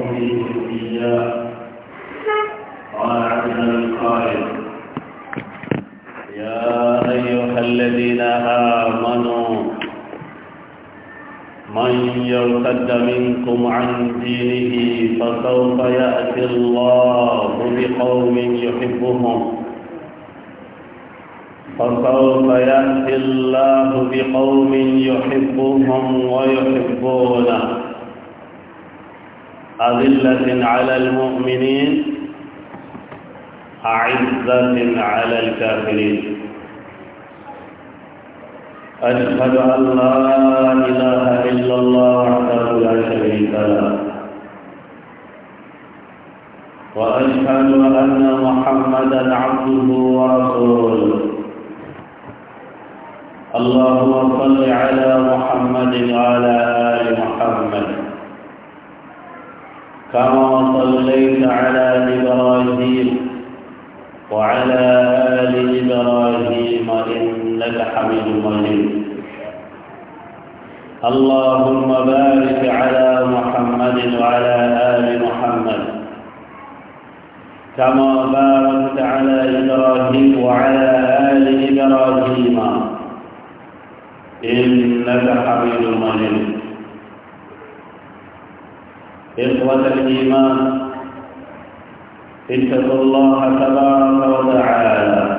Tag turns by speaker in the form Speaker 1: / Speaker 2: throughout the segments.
Speaker 1: به الانبياء قال عز القائل يا ايها الذين امنوا من يرتد منكم عن دينه فسوف ياتي الله بقوم يحبهم فسوف يأتي الله بقوم يحبهم ويحبونه أذلة على المؤمنين أعزة على الكافرين أشهد أن لا إله إلا الله وحده لا شريك له وأشهد أن محمدا عبده ورسوله اللهم صل على محمد وعلى آل محمد كما صليت على إبراهيم وعلى آل إبراهيم إنك حميد مجيد اللهم بارك على محمد وعلى آل محمد كما باركت على إبراهيم وعلى آل إبراهيم إنك حميد مجيد إخوة الإيمان اتقوا الله تبارك وتعالى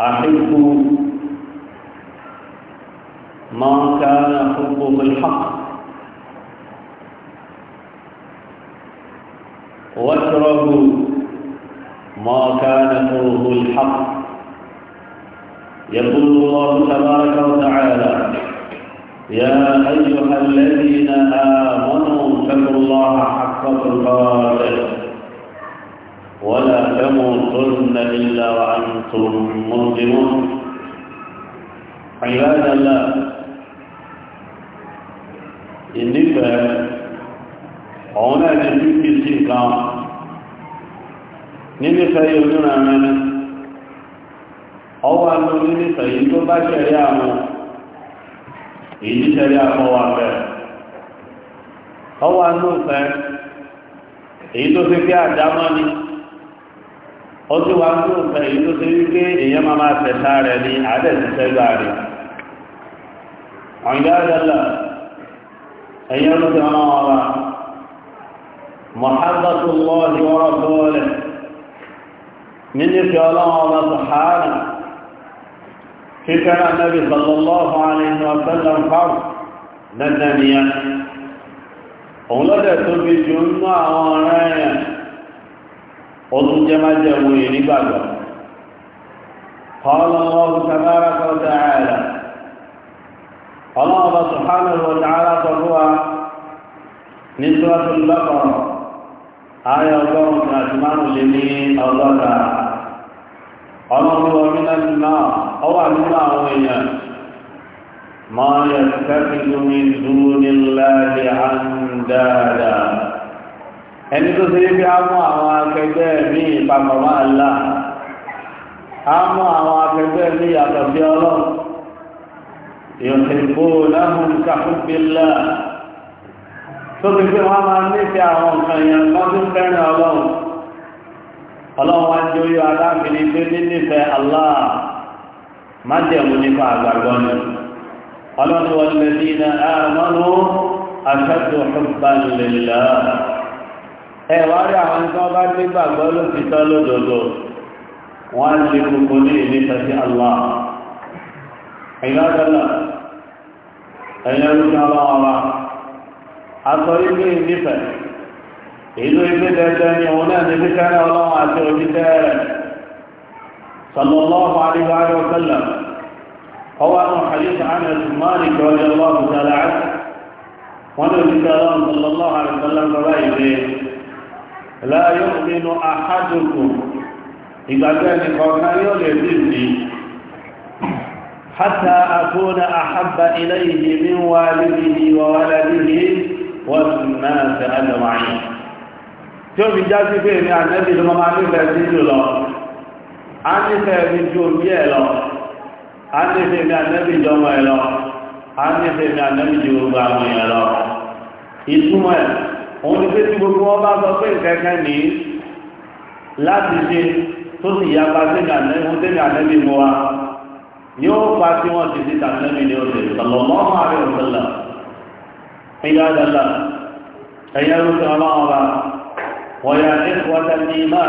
Speaker 1: أحبوا ما كان حبه الحق واتركوا ما كان كره الحق يقول الله تبارك وتعالى يا أيها الذين آمنوا اتقوا الله حق القادر ولا تموتن إلا وأنتم مسلمون عباد الله إنك هناك جديد في الكلام nífẹ̀ẹ́ yìí onírànmẹ́ni ọwọ́ àlọ́ nífẹ̀ẹ́ yìí tó bá èyí tí sẹ́rí àmọ́ wa fẹ́ ọwọ́ àánú fẹ́ èyí tó fi pé àdámọ́ ni ó ti wá ní òfẹ́ èyí tó fi wípé èèyàn máa máa tẹ̀sá rẹ̀ ní àádẹ́sẹ̀sẹ́gbà rẹ̀ ọ̀gá àdálà ẹ̀yìn olóṣèlú ọmọ wa mọ̀hábàtúwọ́ ìwọ́rọ̀ tó wọlé nínú ìfẹ́ ọlọ́wọ́ ọmọ sọ̀hánà kíkẹ́rẹ́ anábì sallallahu alayhi wa sallam fáwọn dandan ni ya òun lọ́dẹ̀ tó fi jù nínú àwọn ọ̀rẹ́ yẹn ọdún jẹ́májẹ̀mú yìí nígbàgbọ́ قال الله تبارك وتعالى الله سبحانه وتعالى فهو نسوة البقرة آية الله من أجمال لمن الله تعالى الله من النار ọwà nínú àwọn èèyàn máa yẹ kẹ́kìtù ní dúníláàdì àndáàdà ẹni tó ṣe bí a mú àwọn akẹgbẹ́ mi papọ̀ máa là a mú àwọn akẹgbẹ́ mi yàtọ̀ sí ọlọ́run yòtìbó láhùn kàfúbílà tó ti pé wọ́n máa nífẹ̀ẹ́ àwọn nǹkan yẹn lọ́dún fẹ́ràn ọlọ́run ọlọ́run wá ń jó yọ aláà má jẹ̀mú nípa àgbàgbọ́ ni ọlọ́run wọn lè ní iná àmọ́nú aṣáájú ọ̀pá ìlẹ̀lá ẹ wá rí àwọn tó bá ní gbàgbọ́ ló ti tọ́ lódodo wọ́n á ṣe gbogbo ní ìlú tàbí Allah ìlàdọ́là صلى الله عليه وآله وسلم هو أنه حديث عن مالك رضي الله تعالى عنه وأنه صلى الله عليه وسلم قال لا يؤمن أحدكم إذا كان قوما يولد حتى أكون أحب إليه من والده وولده والناس أجمعين. شوف الجاسي فيه يعني النبي لما ما عمل له a ní fẹ́ẹ̀mí ju omi ẹ̀ lọ a ní fẹ́ẹ̀mí ànẹ́bí ìjọmọ ẹ̀ lọ a ní fẹ́ẹ̀mí ànẹ́bí ju gbogbo àwọn ẹ̀ lọ ìtumọ̀ ẹ̀ òun ni pé tí gbogbo wọn bá sọ pé kẹ́kẹ́ ní láti ṣe tó sì yá bá sẹ́mi ànẹ́bí mọ́ wa yóò fa tí wọ́n ti ti tàbí ní ọdẹ sallallahu alaihi wasallam ìyá dàlá ẹ̀yà rúkẹ́ ọlọ́ọ̀bá wọ̀yà ẹ̀kọ́ta ní imáà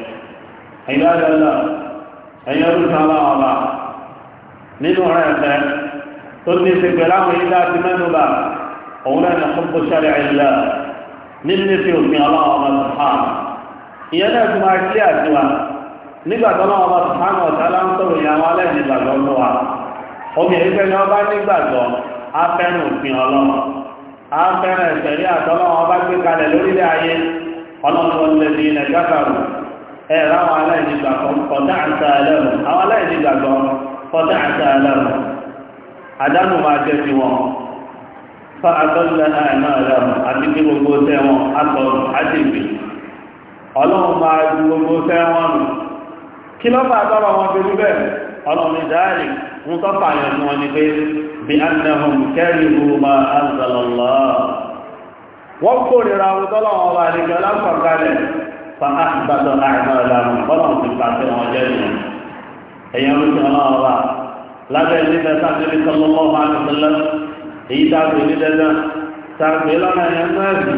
Speaker 1: àyíláàdọ́lọ́ ẹ̀yìn ọdún ọlọ́ọ̀lá nínú rẹ̀ ẹ̀fẹ́ tó ní ti pẹ̀lú àwọn ilé àti mẹ́nubà òun náà ní ọkọ̀ ṣẹlẹ̀ àyílá nínú fi òfin ọlọ́ọ̀lá sùhán ìyẹn náà ti máa kílẹ̀ àtiwá nígbà tó ọlọ́ọ̀lá sùhán ọ̀tá láńsọ̀rọ̀ ìyàwó alẹ́ nígbàgbọ́ fún wa omi ẹ̀ríkẹ́ ni ọba nígbàgbọ́ afẹ́rùn òfin ọlọ́run afẹ́rùn ẹ̀sẹ̀rí àtọ́lọ́run ọba gbé kalẹ̀ lórílẹ̀ ayé ọlọ́run ẹ ráwọn aláìní gbàgbọ́ kọ̀dá àti àlẹ́rù àwọn aláìní gbàgbọ́ kọ̀dá àti àlẹ́rù àdánù máa jẹ́ ti wọn fa àtọ́lẹ̀ àìmọ́ àlẹ́rù àti kí gbogbo tẹ́ wọn àtọ̀rù àti ìgbì ọlọ́run máa ju gbogbo tẹ́ wọn rí bẹ́ẹ̀ ọlọ́run ọba àdìgbẹ́ lápapọ̀ kalẹ̀ fàá ìbátọ̀ àìmọ́ ìlànà bọ́lọ̀n ti pàṣẹ wọn jẹ́ ìyẹn ẹ̀yẹn ló ti ọlọ́run wa lábẹ́ nílẹ̀ sáfẹ́lẹ́ sọlọ́mọ́ máa ń sọlọ́ èyí dáàbò nílẹ̀ náà sàgbé lọ́nà ẹ̀yẹn náà rí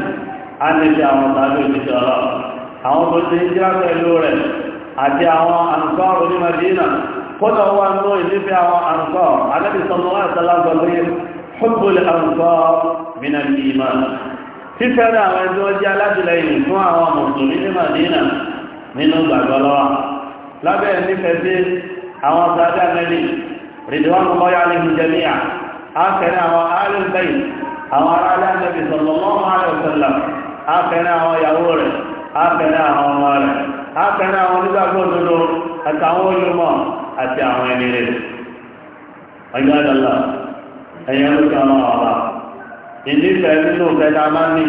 Speaker 1: á ní ti àwọn sàgbé fífẹ́rẹ́ àwọn ẹgbẹ́ ọjọ́ alátìlẹyìn fún àwọn mùsùlùmí ní Madina nínú gbàgbọ́ lọ́wọ́ lábẹ́ nífẹ̀ẹ́ sí àwọn sàdá mẹ́lì rìdíwọ́n mọ́yá ní jẹ́míà áfẹ́rẹ́ àwọn alẹ́bẹ̀yìn àwọn aráàlẹ́ àmẹ́bí sọ̀lọ́mọ́ àlọ́sọ̀lá áfẹ́rẹ́ àwọn ìyàwó rẹ̀ áfẹ́rẹ́ àwọn ọmọ rẹ̀ áfẹ́rẹ́ àwọn onígbàgbọ́ òdodo àtàwọn olùmọ̀ àti ìnífẹ̀ nínú ìfẹ́ta máa ní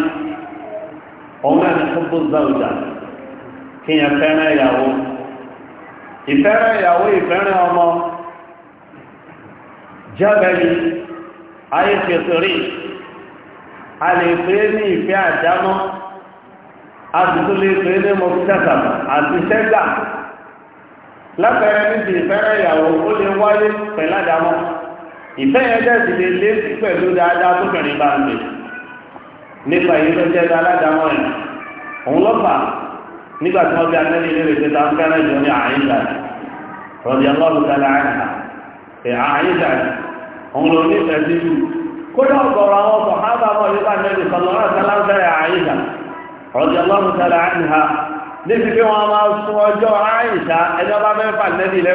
Speaker 1: òun náà ní fúnbó záwùjà kí yẹn fẹ́ràn ìyàwó ìfẹ́ràn ìyàwó ìfẹ́ràn ọmọ jẹ́bẹ̀lì ayéfẹ́sọ̀rí a lè pè é ní ìfẹ́ àdámọ́ a sì tún lè pè é ní mọ̀kítàkà àti sẹ́gbà lápẹẹrẹ níbi ìfẹ́ràn ìyàwó ó lè wáyé pẹ̀lú àdámọ́ ìfẹ́ yẹn dẹ́sì lè lé pẹ̀lú dáadáa tó kẹrin bá ń lè nípa èyí tó jẹ́ aládàmọ́ ẹ̀ òun lọ́fà nígbà tí wọ́n bí anẹ́lẹ́ ilé rẹ̀ tẹ́ta ń fẹ́ràn ìjọ ní àyíjà rọ̀dì ọlọ́run tẹ́lẹ̀ àyíjà ẹ̀ àyíjà òun ló ní ìfẹ́ sí kódà ọ̀gọ̀rọ̀ àwọn ọkọ̀ hábà nípa anẹ́lẹ́ sọlọ́rọ̀ tẹ́lẹ̀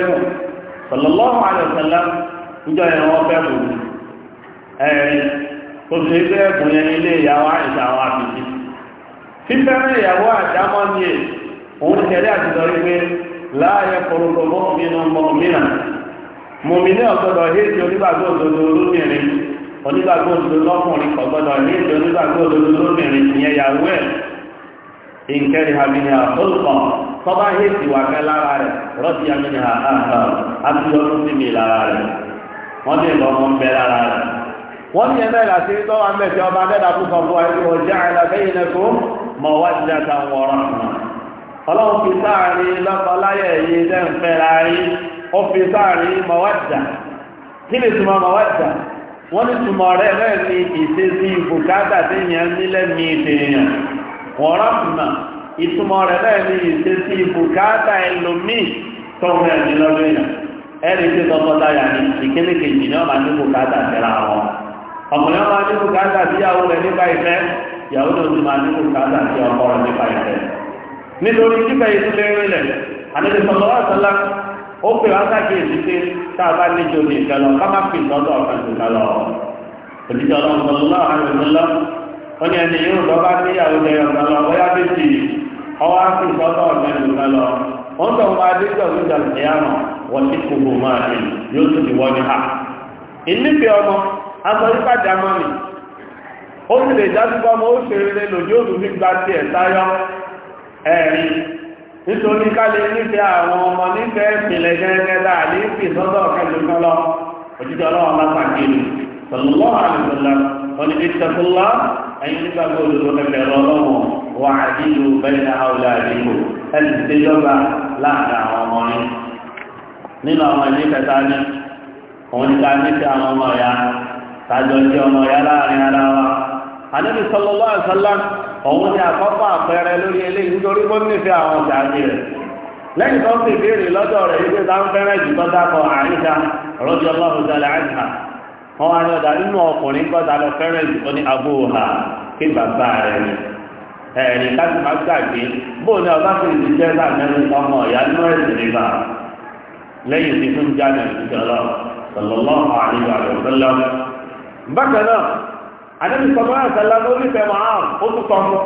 Speaker 1: fẹ́rẹ̀ njọ yẹn wọ́n fẹ́ mú ẹ̀rín tó ṣe ẹ̀bùn yẹn ilé ìyàwó àìsàn àwọn àbìsí fífẹ́rẹ́ ìyàwó àdámọ́ ní è òun tẹ̀lé àtijọ́ wípé láàyè kọ̀rọ̀kọ̀ mọ́mìnà mọ́mìnà mọ̀mìnà wọ́n lè lọ ọmọ ń bẹ lára rẹ̀ wọ́n ní ẹ̀mẹ́ ìlàsí tó wà mẹ́fẹ́ ọba dẹ́dà fún sọ fún wa ẹni ọjà àlàbẹ́yìn ẹ̀kọ́ mọ̀ wá ti dàtà wọ̀rọ̀ náà ọlọ́run fi sáàrin lọ́kọláyẹ̀ yìí dẹ́nfẹ́ láàrin ó fi sáàrin mọ̀wádà kí lè túmọ̀ mọ̀wádà wọ́n ní túmọ̀ rẹ̀ rẹ̀ ní ìṣesí bùkátà tí yẹn nílẹ̀ mi tèèyàn wọ̀rọ̀ náà ìtumọ̀ rẹ̀ rẹ̀ ní ìṣesí bùkátà ẹlòmíì tó rẹ̀ nílọ́dún ẹ̀rí tí tọkọtaya ní ìkíní kejì ní ọmọ àdínkù káàtà tẹ́ra wọn ọkùnrin ọmọ àdínkù káàtà sí ìyàwó rẹ̀ nípa ìfẹ́ ìyàwó náà ti máa àdínkù káàtà sí ọkọ rẹ̀ nípa ìfẹ́ nítorí kíkẹ́ ìdílé rẹ̀ àdínkù sọ̀tọ̀ ó pè wá sákèjì pé tá a bá níjó ní ìfẹ́ lọ ká má fi ìtọ́jú ọ̀kan jù lọ òjijì ọlọ́run sọlọ́lá àwọn ìlọ́lá ó ní ẹni yóò lọ bá níyàwó lẹ́yìn ọ̀kan lọ bóyá méjì ọwọ́ á fi ìtọ́jú ọ̀kan jù lọ ó ń tọ́ wọn adéjọ́ wọ́n ti kò bò máa ní yóò tún ti wọ́n ní ha ìnífẹ̀ ọmọ aṣọ nípa dàmọ́ mi ó sì lè já sípò ọmọ ó ṣe rere lòdì òdù fi gba ti ẹ̀ sáyọ ẹ̀rí nítorí ká lè àwọn ọmọ nífẹ̀ ìpìlẹ̀ gẹ́gẹ́ dáa ní ìpì sọ́dọ̀ nínú àwọn ilé kẹta ní òun ní ká ní sí àwọn ọmọ ọ̀yá tàjọ jẹ́ ọmọ ọ̀yá láàrin ara wa àdébí sọlọ́lá àṣálá òun ní àkọ́kọ́ àpẹẹrẹ lórí eléyìí nítorí ó nífẹ̀ẹ́ àwọn ọ̀sẹ̀ àti rẹ̀ lẹ́yìn tó ń fi ìbéèrè lọ́dọ̀ rẹ̀ ilé tá ń fẹ́rẹ̀ jù tó dákọ̀ àyíká rọ́bì ọlọ́run sọlẹ̀ àyíká wọn wá ní ọ̀dà nínú ọkùnrin gbọ́dà lọ fẹ́rẹ̀ jù ó ní abóhà kí bàbá rẹ̀ ni ẹ̀rìn káṣí má gbàgbé bóun ni ọba fi ìdíjẹ́ láàrin ọmọ ìyá nínú ẹ̀sìn nígbà lẹ́yìn tí fún jáde ìjọlá sallallahu alaihi wa sallam bákan náà anábì sallallahu alaihi wa sallam ó nífẹ̀ẹ́ máa ó tún sọ fún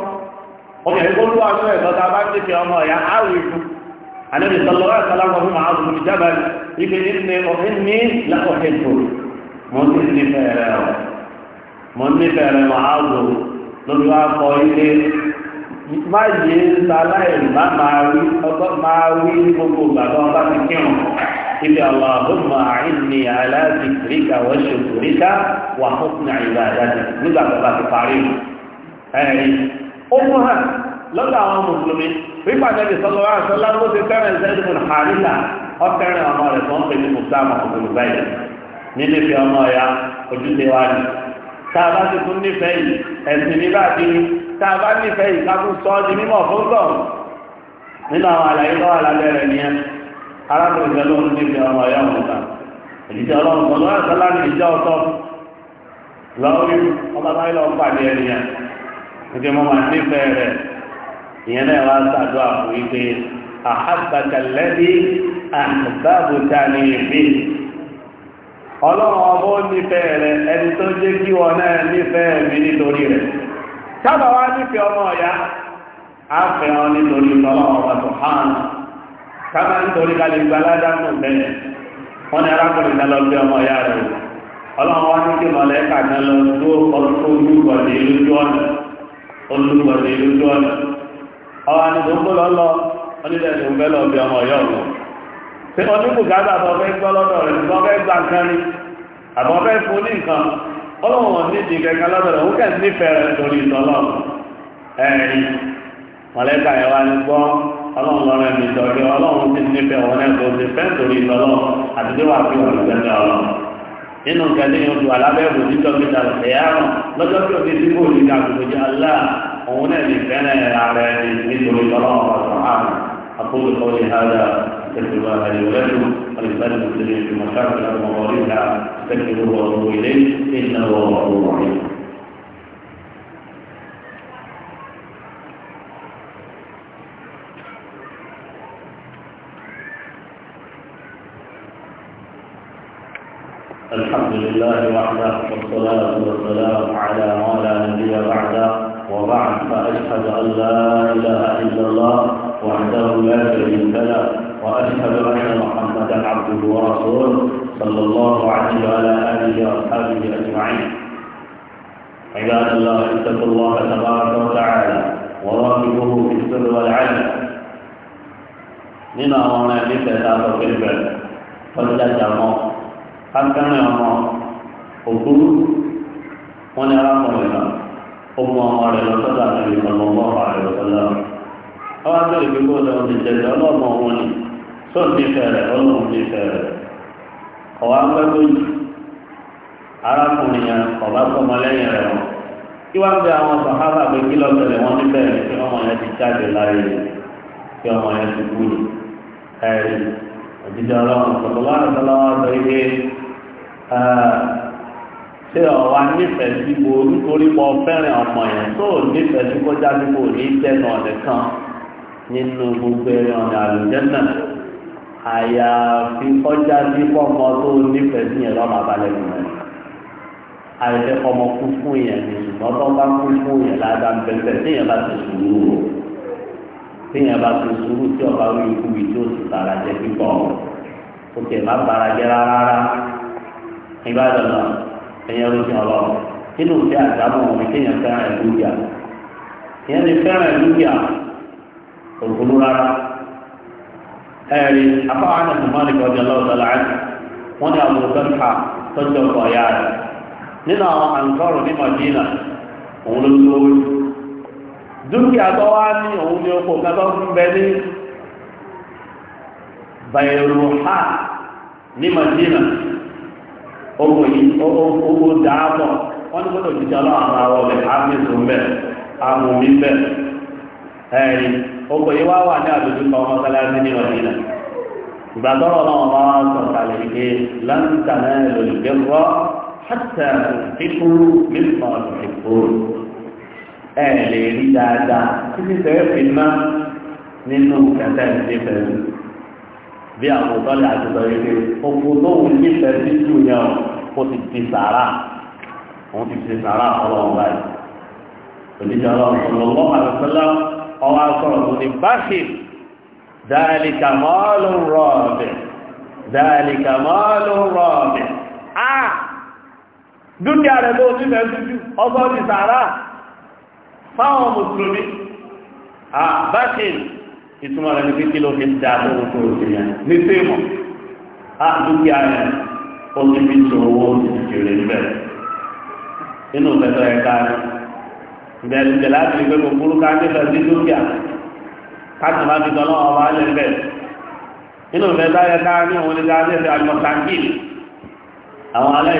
Speaker 1: ọmọ ẹ̀kọ́ olúwa fún ẹ̀kọ́ tá a bá nífẹ̀ẹ́ ọmọ ẹ̀yà áwì fún anábì sallallahu alaihi wa sallam ọmọ máa ọdún ìjábá ibi ní ọ̀hìn ní lákọ̀ọ́hìn tó mọ́ nífẹ̀ẹ́ rẹ̀ mọ́ nífẹ̀ẹ́ rẹ̀ máa wò lórí wa kọ ilé má yé sáláì má máa wí gbogbo gbàgbọ́ bá ti kírun ibi Allahumma a'inni ala dhikrika wa shukrika wa husni ibadatik nígbà tó bá ti parí ẹ̀rí ó mú hàn lọ́dọ̀ àwọn mùsùlùmí wípé àtẹ́bí sọ́lọ́ wá sọ́lá ló ti fẹ́ràn Zaid bin arákùnrin kan ló ń débi ọmọ ọ̀yá wọn ta ìdíjà ọlọ́run kan lọ́wọ́ àtàlà ní ìjà ọ̀tọ̀ lọ́wọ́rí ọba báyìí lọ́wọ́ pàdé ẹnìyàn nígbà mọ́ máa nífẹ̀ẹ́ rẹ̀ ìyẹn náà wá sàdúrà fún yìí pé àhàbàkà ní ìbí ọlọ́run ọba ó nífẹ̀ẹ́ rẹ̀ ẹni tó jẹ́ kí wọn náà nífẹ̀ẹ́ mi nítorí rẹ̀ sábà wá nífẹ̀ẹ́ ọmọ ọ̀yá á fẹ́ nítorí ọlọ́run ọba tó hàn kábà nítorí kalẹ̀ gbalada mọ̀ bẹ́ẹ̀ wọ́n ní arákùnrin náà lọ bí ọmọ ya rẹ̀ ọlọ́run wá ní kí mọ̀lẹ́kà náà lọ tó olúwọ̀dé lójú ọ̀nà olúwọ̀dé lójú ọ̀nà ọwọ́ ni tó ń gbọ́lọ́ lọ onílẹ̀ tó ń bẹ́ lọ bí ọmọ ya ọ̀nà pé ọdún bùkátà tó fẹ́ gbọ́ lọ́dọ̀ rẹ̀ tó fẹ́ gbà kan ní àbọ̀ fẹ́ fún nǹkan ọlọ́run wọ́n ní ọlọ́run lọ́rọ̀ ẹ̀mí sọ̀rí ọlọ́run ti nífẹ̀ẹ́ wọn náà tó ti fẹ́ torí ìtọ́lọ́ àti tí wàá fi wọn ìgbẹ́ náà lọ. nínú kẹlẹ́ yóò tu alábẹ́rù níjọ́ mẹ́ta ẹ̀yàrán lọ́jọ́ tí ti ti bóòlù ní àgbègbè alá òun náà ní fẹ́rẹ̀ ààrẹ nítorí ọlọ́run ọ̀sán àmì àkókò kọ́ni hádà استغفر الله لي ولكم الحمد لله وحده والصلاة والسلام على ما لا نبي بعده وبعد فأشهد أن لا إله إلا الله وحده لا شريك له وأشهد أن محمدا عبده ورسوله صلى الله عليه وعلى آله وأصحابه أجمعين عباد الله اتقوا الله تبارك وتعالى وراقبوه في السر والعلم لما هنا لك تاخذ بالبر فلتتموت kákẹ́rìn ọmọ òkúrú wọn ni arákùnrin náà ó mú ọmọ rẹ̀ lọ sọ́dọ̀ àti ìmọ̀lọ́ ọmọ rẹ̀ lọ sọ́dọ̀ ọwọ́ abẹ́rẹ́ pé kó lọ́wọ́ ti jẹ́jẹ́ ọlọ́mọ òun ni sóòtì fẹ̀rẹ̀ ọlọ́run ti fẹ̀rẹ̀ ọ̀wá pẹ́kọ́ yìí arákùnrin yẹn ọ̀bá sọmọ lẹ́yìn rẹ̀ wọn kí wá bẹ àwọn sàhábà pé kí lọ́sẹ̀lẹ̀ wọn níbẹ̀ ni kí ọmọ yẹn ti jáde láyé kí ọmọ yẹn ti kú ni ẹ̀rí òjijì ọlọ́run sọ̀tọ̀ láti sọ́lá wọn sọ ṣé ọ̀wá nífẹ̀ẹ́ sí bo nítorí pọ̀ fẹ́ràn ọmọ yẹn tó nífẹ̀ẹ́ sí kọjá níbo ní tẹ́nu ọ̀nẹ̀ kan nínú gbogbo ẹ̀rìn ọ̀nà àlùjẹ́nà àyàfi kọjá sí kọ́mọ tó nífẹ̀ẹ́ sí yẹn lọ́mọ abálẹ́gùn rẹ̀ àìfẹ́ kọ́mọ kú fún yẹn ní ṣùgbọ́n tó bá kú fún yẹn ládàá bẹ́ẹ̀ tí yẹn bá ti sùúrù o tí yẹn bá ti sùúrù tí ọba wí ikú yìí tí ó sì bàrà jẹ pípọ̀ o kò tẹ̀ má bàrà jẹ rárá rárá ìbádọ́lá ẹ̀yẹ ló fi ọlọ́run nínú ìfẹ́ àdámọ̀ ọ̀rẹ́ kéèyàn fẹ́ràn ẹ̀ lóúnjẹ ìyẹn lè fẹ́ràn ẹ̀ lóúnjẹ òkúlú rárá ẹ̀rí afáwọn àti mọ́lì kọjá lọ́sọ̀lá wọn ni àwọn òkúta tọ́jú ọkọ̀ ọ̀yá rẹ̀ nínú àwọn àǹkọ́rù ní Madina òun ló lówó dúkìá tó wá ní òun ní oko kẹtọ́ fún bẹ ní Bayruha ní Madina owó yìí owó dàámọ̀ wọ́n ní gbọ́dọ̀ jíjà lọ́wọ́ àwọn àwọn ọ̀bẹ àmìsùn bẹ̀ àmùmí bẹ̀ ẹ̀rí owó yìí wá wà ní àdójúkọ mọ́sálásí ní ọ̀dínà ìgbà tọ́rọ̀ náà wọ́n wá sọ kalẹ̀ pé láńtà náà lòlùgbẹ́ rọ́ hàtà fífú mímọ́ ìfò ẹ̀ lè rí dáadáa títí fi ná nínú kẹtẹ́ ìdí pẹ̀lú Ve apotan li akon dan yon kou. Ou kou ton moun jif pe jif moun yon. Po ti ti sara. Pon ti ti sara, an lan mwaj. Se li jan lan moun loulou an loun sallan. An lan kon loun moun jif. Bakil. Da li kamal moun ronbe. Da li kamal moun ronbe. Ha! Nou kare moun jif men moun jif. An lan moun jif sara. Fa an moun sroubi. Ha! Bakil. ìtumọ̀ rẹ̀ ní pé kí ló fi ń da lóhun tó ṣe yẹn ní fíìmù á dúkìá rẹ̀ ó ti fi tó owó ìṣèlè níbẹ̀ inú ìfẹ́tọ̀ ẹ̀ ká rẹ̀ bẹ̀rẹ̀ ìjẹ̀ láti rí pé kò burú ká nílò sí dúkìá káàtì máa fi tọ́lọ́ ọmọ alẹ́ bẹ̀ inú ìfẹ́tọ̀ ẹ̀ ká ní òun ní ká ní ẹ̀fẹ́ alimọ̀tàǹkì àwọn alẹ́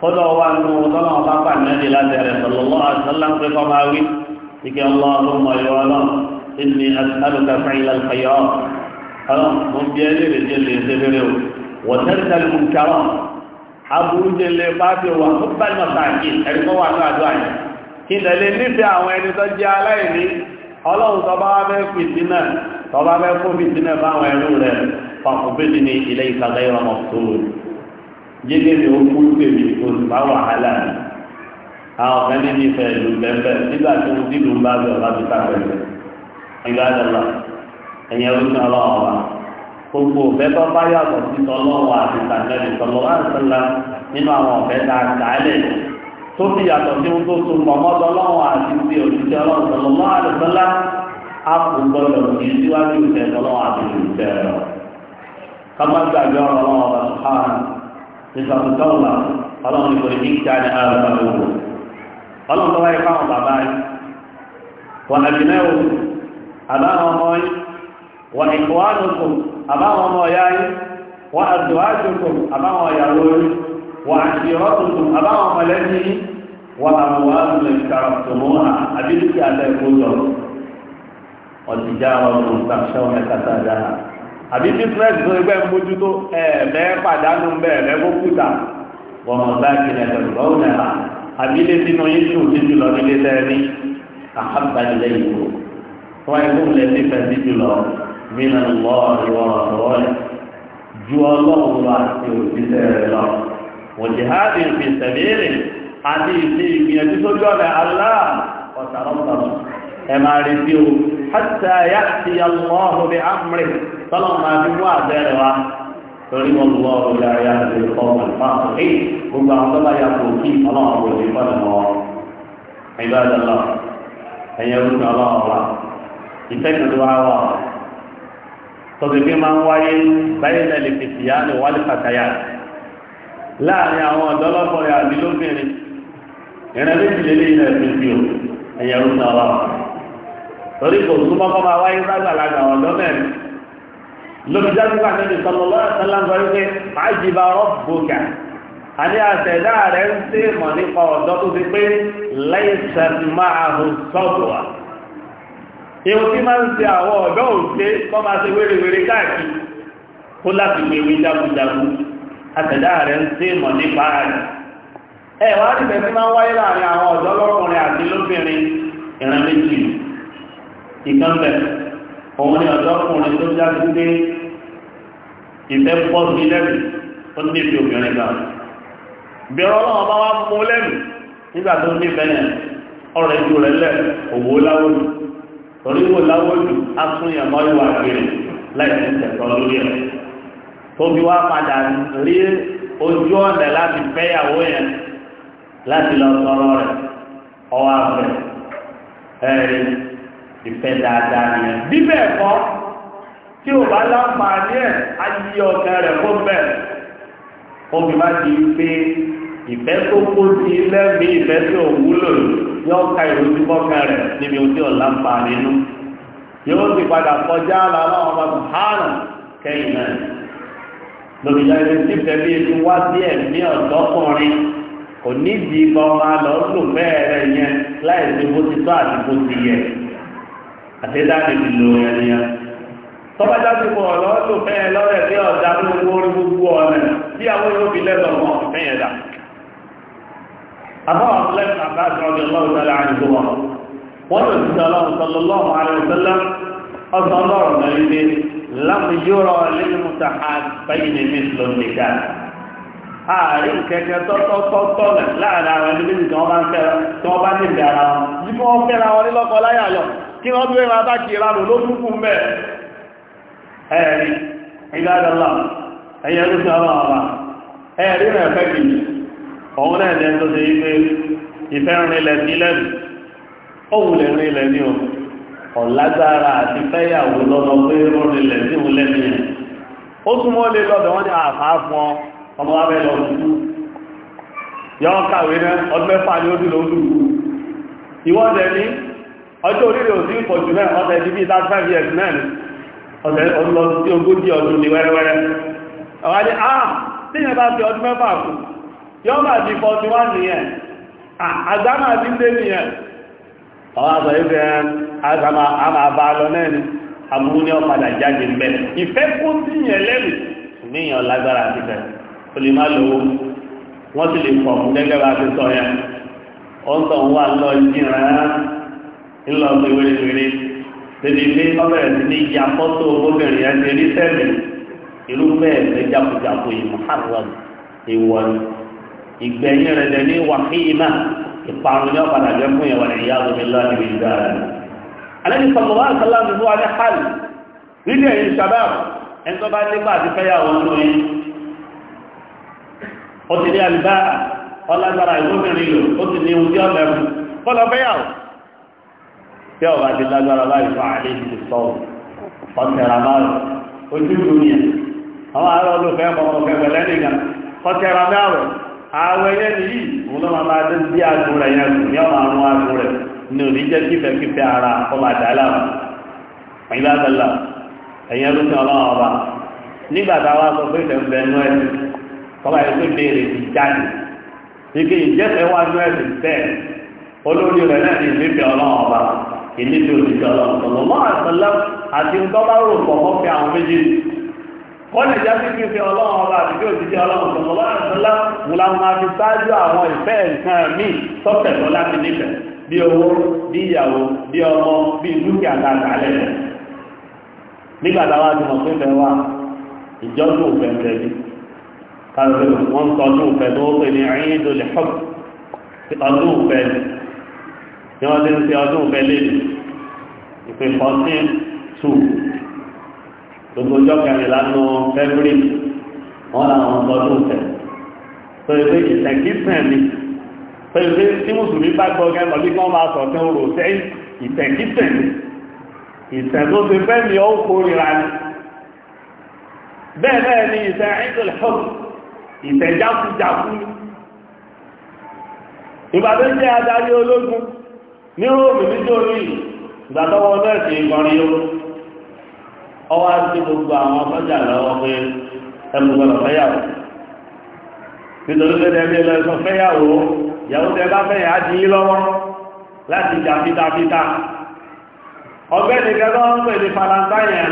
Speaker 1: kọ́dọ̀ wà nù tọ́lọ́ ọba pàmẹ́lì láti ẹ̀rẹ̀ sọ̀lọ́lọ́ inni as'aluka fa'il al-khayrat ọlọ́run mo ń bí ẹlẹ́rẹ̀ jẹ́ lè ṣe rere o wọ̀tẹ́rìtà lè mú kárọ̀ aburú jẹ́ lè bá fi wà ó bá ní ọ̀sán àkí ẹ̀rí kọ́ wà ní àdúrà yẹn kí n lè nífẹ̀ẹ́ àwọn ẹni tó jẹ́ aláìní ọlọ́run tó bá wá fẹ́ fìtínà tó bá fẹ́ kó fìtínà fáwọn ẹrú rẹ̀ fàkùnbéjì ní ilé ìkàgbé ọmọ tó jẹ́gẹ́ ni ó kú tèmi oṣù bá wàhálà àwọn ọ̀gá ní nífẹ̀ẹ́ ìlú bẹ́ẹ̀ nígbà mo dìlù ń bá bẹ̀ ti ta pẹ̀lú ìbádọ́lá ẹ̀yẹ orúkọ ọlọ́wọ́ wa gbogbo ọ̀fẹ́ tó bá yàtọ̀ sí tọlọ́wọ́ àti tàbí tọlọ́wọ́ àtìsọ́lá nínú àwọn ọ̀fẹ́ tá a dálẹ̀ tó fi yàtọ̀ sí ohun tó so pọ̀mọ́ tọlọ́wọ́ àti ti òṣìṣẹ́ ọlọ́wọ́ tọlọ́wọ́ àtìsọ́lá a kò gbọdọ̀ kí síwájú ìfẹ́ tọlọ́wọ́ àti ìfẹ́ rẹ̀ kama gbàgbé ọlọ́wọ́ wa sùhánà nísàkùtọ́wà ọlọ́run ìgbòrò ní ìjà ní ara ọlọ́wọ́ ọlọ́run tó wáyé fáwọn bàbá yìí wọ́n àbí náà àbáwọn ọmọ yín wà ìkọ̀wádùnkùn àbáwọn ọmọ ọ̀yá yín wà àdùwádùnkùn àbáwọn ọ̀yàwó yín wà àṣìrọ́dùnkùn àbáwọn mọ̀lẹ́bí yín wà àwọn àmìlẹ̀kàrọ̀tùmọ́ra àbílùkì àtẹ̀kọ́jọ ọ̀tìjà ọ̀rùn tàṣọ́ mẹ́tàtàdà àbí bísírẹ́sì tó ẹgbẹ́ mójútó ẹ̀ẹ̀mẹ́ pàdánù bẹ́ẹ̀mẹ́ kókúta wọ̀mọ̀ báyìí lẹ́gbẹ̀rún lọ́wọ́ náà àbílẹ̀ sínú yín sùn lọ nílé tẹ́ẹ̀rí àhábàlẹ̀ ìwò ويقول الذي تزيد له من الله ورسوله جوا الله وعسير بسير الله وجهاد في سبيله حديث يجلس جوا الله وتربص كما رسيه حتى يأتي الله بأمره صلى الله عليه وسلم torí wọn lọ ọjà ya lè kọ ọmọlùfà sókè gbogbo àwọn tọ́lá ya kò kí ọlọ́run kò lè fọ́nà wọn ẹgbẹ́ àdàlọ́ ẹ̀yẹ orúkọ ọlọ́run wa ìfẹ́ kan tó wá wà ọ́ tọ́sígbé máa ń wáyé báyìí náà lè fèsì yá ni wálé pàtàyà láàrin àwọn ọ̀dọ́ lọ́kùnrin àbí lóbìnrin ìrìn méjì lélẹ́ ìrìn ẹ̀sìn sí o ẹ̀yẹ ń sọ ọ́ torí kò súnmọ́ kọ́ máa wáyé lágbàlagbà ọ̀dọ́ mẹ́rin lóbi jágbá níbi sọlọ́lọ́ ẹ̀sánláńgọ́ wípé àjìbá rọ́bùkà ewu tí máa ń ṣe àwọn ọ̀dọ́ òṣè kọ́ máa ṣe wérewère káàkiri kó láti wéwé jagunjagun àtẹ̀dá rẹ̀ ń ṣe mọ̀ nípa rẹ̀ ẹ̀ wá níbẹ̀ tí máa ń wáyé láàrin àwọn ọ̀dọ́ lọ́kùnrin àti lóbìnrin ìran méjì ìkan bẹ̀ òun ni ọ̀dọ́kùnrin tó jáde pé ìfẹ́ pọ̀ sí lẹ́nu tó níbi obìnrin kan bí ọlọ́run bá wá mú lẹ́nu nígbà tó nífẹ̀ẹ́ yẹn ọ̀rẹ́ ju rẹ̀ lẹ̀ òwò láwọ́ torí kò láwọ́jù asúnyà mọ́ ìwà rẹ̀ láìsí tẹ̀tọ́ lórí ẹ̀ tóbi wá padà rí ojú ọ̀nà láti fẹ́yàwó yẹn láti lọ sọ̀rọ̀ rẹ̀ ọwọ́ abẹ ẹ̀rí ìfẹ́ dáadáa nìyẹn bí bẹ́ẹ̀ kọ́ tí ò bá láǹfààní ẹ̀ á yí ọ̀gá rẹ̀ fún bẹ́ẹ̀ obì má di pé ìfẹ́ tó kó sí lẹ́bi ìfẹ́ tí ò wúlò yóò ka ìrojúmọ́ kan rẹ̀ níbi ojú ọ̀la ń pa nínú yóò sì padà kọjá làwọn ọmọ sùhánà kẹ́yìn náà lórí ìyá ẹni tí fẹ́ bí ebi wá sí ẹ̀mí ọ̀dọ́kùnrin kò nídìí kan máa lọ lò bẹ́ẹ̀ rẹ̀ yẹn láì sí bó ti tó àti bó ti yẹ àtẹ́dáàdì ti lo ẹni yẹn tọ́bájá ti kọ̀ ọ̀lọ́ bẹ́ẹ̀ lọ́rẹ̀ bí ọ̀dà ló ń wọ́n gbogbo ọ̀nà tí àwọn yóò fi lẹ́nu ọmọ ọ̀fẹ́ yẹn dà àbáwọ̀ abúlẹ́sì àbáṣe ọdún ọlọ́run tẹ́lẹ̀ àìsàn wọn wọ́n lọ sí ọlọ́run sọlọ́lọ́run àrẹ̀sẹ́lá ọsọ ọlọ́run náà wípé lámù yóò lẹ́nu tàhà bẹ́yìn ní mílò nìkà ààrin kẹ̀kẹ́ tọ́tọ́tọ́ láàrin àwọn ẹni méjì tí ń fẹ́ra tí bá ní ìdí wọn bí wọ́n fẹ́ra wọn nílọ́kọ láyà kí wọ́n bí wọ́n bá kí ìranù ló kúkú mẹ́ ẹ̀rí ìdájọ́lá ọ̀hún náà lẹ́nu tó ṣe wípé ìfẹ́ rinlẹ̀ sí lẹ́nu òun lè rinlẹ̀ ní o ọ̀lágbára àti fẹ́yàwó lọ́nà pé rinlẹ̀ sí òun lẹ́nu yẹn ó súnmọ́ lé lọ́dọ̀ wọ́n ní àfáà fún ọ ọmọ wa bẹ́ẹ̀ lọ dúdú yọ kàwé náà ọdún mẹ́fà ni ó dùn lóòdù ìwọ́n tẹ̀ ní ọjọ́ orílẹ̀ òsì ìpọ̀jù náà ọ̀tẹ̀ ni ọ̀tẹ̀ yọ máa di 41 nìyẹn àgbámà a dé nìyẹn ọwọ́ àgbà ìfẹ́ àgbàmà àmàbà lọ náà ni àbúrú ní ọ̀padà jáde mẹ́ ìfẹ́ kó sí yẹn lẹ́rù níyàn lágbára ti o lè má lówó wọ́n sì lè pọ̀ gẹ́gẹ́ bá ti sọ yẹn ó ń wà lọ ìjìnrán ńlọ sí wéréwéré tẹ̀lé pé sí ní fọ́tò obìnrin irúfẹ́ ìgbẹ̀yìn rẹ̀ dẹ̀ ní wàhíìmá ìparun ní ọ̀padà jẹ́ fún ìyàwó rẹ̀ ìyá omi lọ́wọ́ níbi ìdá rẹ̀. alẹ́ni sọ̀rọ̀wá àkàlà ń fún alẹ́ hàl nínú ẹ̀yìn sábàb ẹni tó bá nígbà àti fẹ́yàwó nínú yẹn ó ti ní àlùbá ọlágbára ìgbómìnrin lò ó ti ní ohun tí ọ̀lẹ́ fún fẹ́yàwó tí ọba ti lágbára báyìí fún àlẹ́ ìdí sọ́ọ̀ ọ̀tẹ̀rà ààwẹ̀ ni, nìyí òun náà máa máa dé bí aago rẹ̀ yẹn kù ní ọmọ àwọn aago rẹ̀ ní òní jẹ́ kífẹ́ kífẹ́ ara ọmọ àdáàlà ẹ̀yin bá bẹ̀là ẹ̀yin ẹlú sí ọlọ́run ọba nígbà táwa sọ pé ìfẹ́ bẹ nú ẹ̀sìn kọ́ba yẹn tó béèrè ti jáde ike ìjẹ́fẹ́ wá nú ẹ̀sìn bẹ́ẹ̀ olórí rẹ̀ náà ní ìfẹ́ ọlọ́run ọba ìníbi òṣìṣẹ́ ọlọ́run tọ̀lọ́ wọ́n lè jẹ́ pípín fi ọlọ́run ọba àdìgbò òjijì ọlọ́run tọmọ lọ́rùn tó lá mo la máa fi ṣáájú àwọn ìfẹ́ nǹkan mi sọ́fẹ̀ tó láti nífẹ̀ẹ́ bí owó bí ìyàwó bí ọmọ bí dúkìá tá a kà lẹ̀ nígbà táwa ti mọ̀ pé fẹ́ wa ìjọ́sùn òfẹ́ fẹ́ bí kálọ̀ wọ́n tọ́jú òfẹ́ tó pè ní ẹ̀yìn ìdòlè ọdún òfẹ́ ìpè 14 2 gbogbo ọjọ́ kẹrìnlá nù fẹ́bírì wọn làwọn ọdún tẹ̀ tó ìwé ìtẹ̀kísẹ̀ mi tó ìwé tí mùsùlùmí bá gbọ́ gẹ́ pẹ̀lú kí wọ́n máa sọ fún orò sẹ́ ìtẹ̀kísẹ̀ mi ìtẹ̀ tó ti fẹ́ mi ó kórìíra ni bẹ́ẹ̀ bẹ́ẹ̀ ni ìtẹ̀ ẹ̀ńtẹ̀lẹ̀ ìtẹ̀ jákújákú ìgbà tó jẹ́ adarí ológun ní róòmù níjọ́ ní náà ti ń kọrin yóò ọwọ́ àti gbogbo àwọn sọ́jà lọ́wọ́ pé ẹnu gbọ́dọ̀ fẹ́yàwó nítorí pé ẹni lọ sọ fẹ́yàwó ìyàwó tẹ bá fẹ́ yàá di lọ́wọ́ láti jà fitafita ọgbẹ́ni kẹlọ́ ń pè ní falantáyà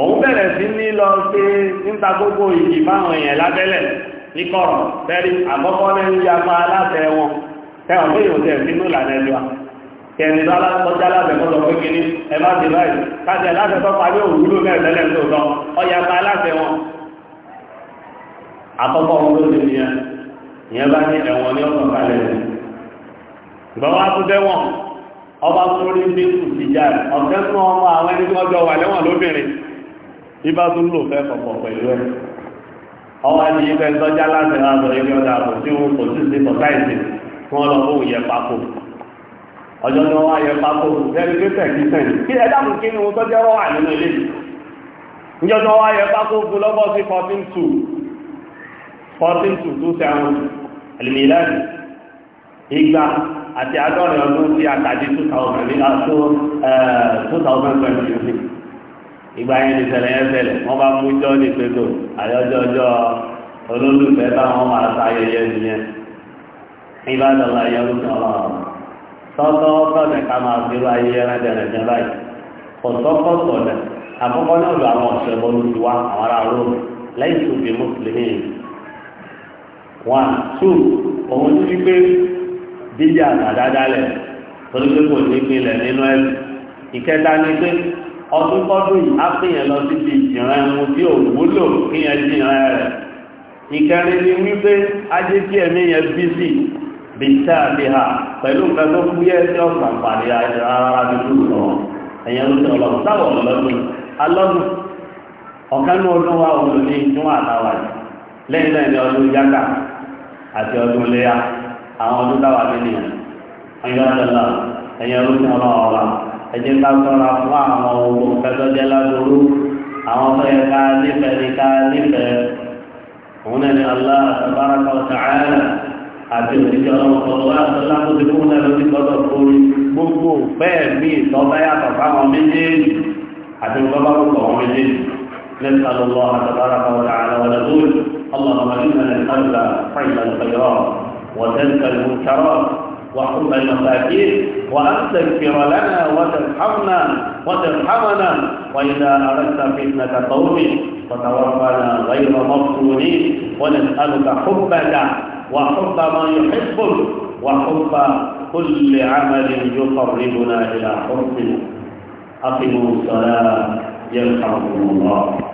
Speaker 1: òun bẹ̀rẹ̀ sí ní lọ sí níta gbogbo ìdì fáwọn èèyàn lábẹ́lẹ̀ ní kọ̀rọ̀ fẹ́rí àkọ́kọ́ ní ń yapa aláṣẹ wọn tẹ́wọ̀n pé yóò tẹ̀ sínú ìlànà ẹlẹ́wàá kẹrin tó alákọjá lábẹ́ mọlọ pé kínní ẹ má ti báyìí káṣí ẹ láṣẹ tó parí òwúlò mẹtẹlẹ tó lọ ọyà pa aláṣẹ wọn. àkọ́kọ́ wọn ló ti nìyẹn ìyẹn bá ní ẹ̀wọ̀n ní ọkọ kalẹ̀ rẹ gbọwọ àtúndẹ wọn ọba sórí ní ìjà rẹ ọ̀sẹ̀ fún ọmọ àwọn ẹni tí wọ́n jọ wà lẹ́wọ̀n lóbìnrin ibà tún lò fẹ́ kọ̀kọ̀ pẹ̀lú ẹ ọwọ́ ẹni yìí fẹ́ láti rà sọ ibi ọ̀dà àbò tí wọn kò sí sí kọ̀ọ̀ká fún ọlọ́wọ́ òye papò ọjọ́ ni wọ́n yẹ pápó dẹ́rẹ́gbẹ́sẹ̀ kìsẹ̀ kí ẹ dáàmù kí ni wọ́n tọ́jú ẹ̀rọ wà nínú ilé ìjọ tí wọ́n yẹ pápó fún lọ́bọ̀ sí 14-2 14-2 ẹ̀lìmìlẹ́rì igba àti àádọ́rin ọdún sí àtàdé 2020 ìgbà uh, uh, yẹn ni ṣẹlẹ̀ yẹn ṣẹlẹ̀ wọ́n bá mú jọ́ ní pẹ̀tọ́ àyọ́jọ́jọ́ olólùfẹ́ báwọn máa sáyẹyẹ nìyẹn ìbádọ́lá yẹn ló ọlọ́run tọ́tọ́ tọ́lẹ̀ ká máa fi wá iye ẹran jẹrẹjẹ báyìí kọ̀tọ́kọ̀ àkọ́kọ́ náà lọ àwọn ọ̀sẹ̀ bọ́lú àwọn ará róòmù lẹ́yìn tó mùsùlùmí pé jíjà àdádálẹ̀ torí pé kò ní ìpínlẹ̀ nínú ẹ̀ ìkẹta ni pé ọdún yìí á lọ síbi tí ò bíṣà bí ha pẹ̀lú nǹkan tó fú yẹ́ tí ọ̀sán àǹfààní ara bí tó lọ ẹ̀yẹn ló tẹ̀ ọlọ́run táwọn ọlọ́run alọ́run ọ̀kan ní ọdún wa òun ní ìdún àtàwà lẹ́yìn náà ní ọdún yága àti ọdún léyà àwọn ọdún táwà nínú ẹ̀yìn ọ̀dọ́lá ẹ̀yẹn ló tẹ̀ ọlọ́run ọ̀la ẹ̀jẹ̀ ká sọ́ra fún àwọn ogun kẹtọ́jẹ́ lágbóró àwọn ọmọ yẹn ká nífẹ̀ẹ́ ní ká nífẹ̀ẹ́ òun náà ní Allah tabaraka wa ta'ala àti òṣìṣẹ́ ọlọ́pọ̀lọ́ wá sọ́lá tó ti fún lẹ́nu ní gbọ́dọ̀ orí gbogbo bẹ́ẹ̀ bí ìtọ́bá yàtọ̀ fáwọn méjèèjì àti ìtọ́bá نسأل الله تبارك وتعالى ونقول اللهم إنا نسألك فعل الخيرات وترك المنكرات وحب المساكين وأن تغفر لنا وترحمنا وترحمنا وإذا أردت فتنة قوم فتوفنا غير مفتونين ونسألك حبك وحب ما يحبك وحب كل عمل يقربنا إلى حبه أقموا الصلاة يرحمكم الله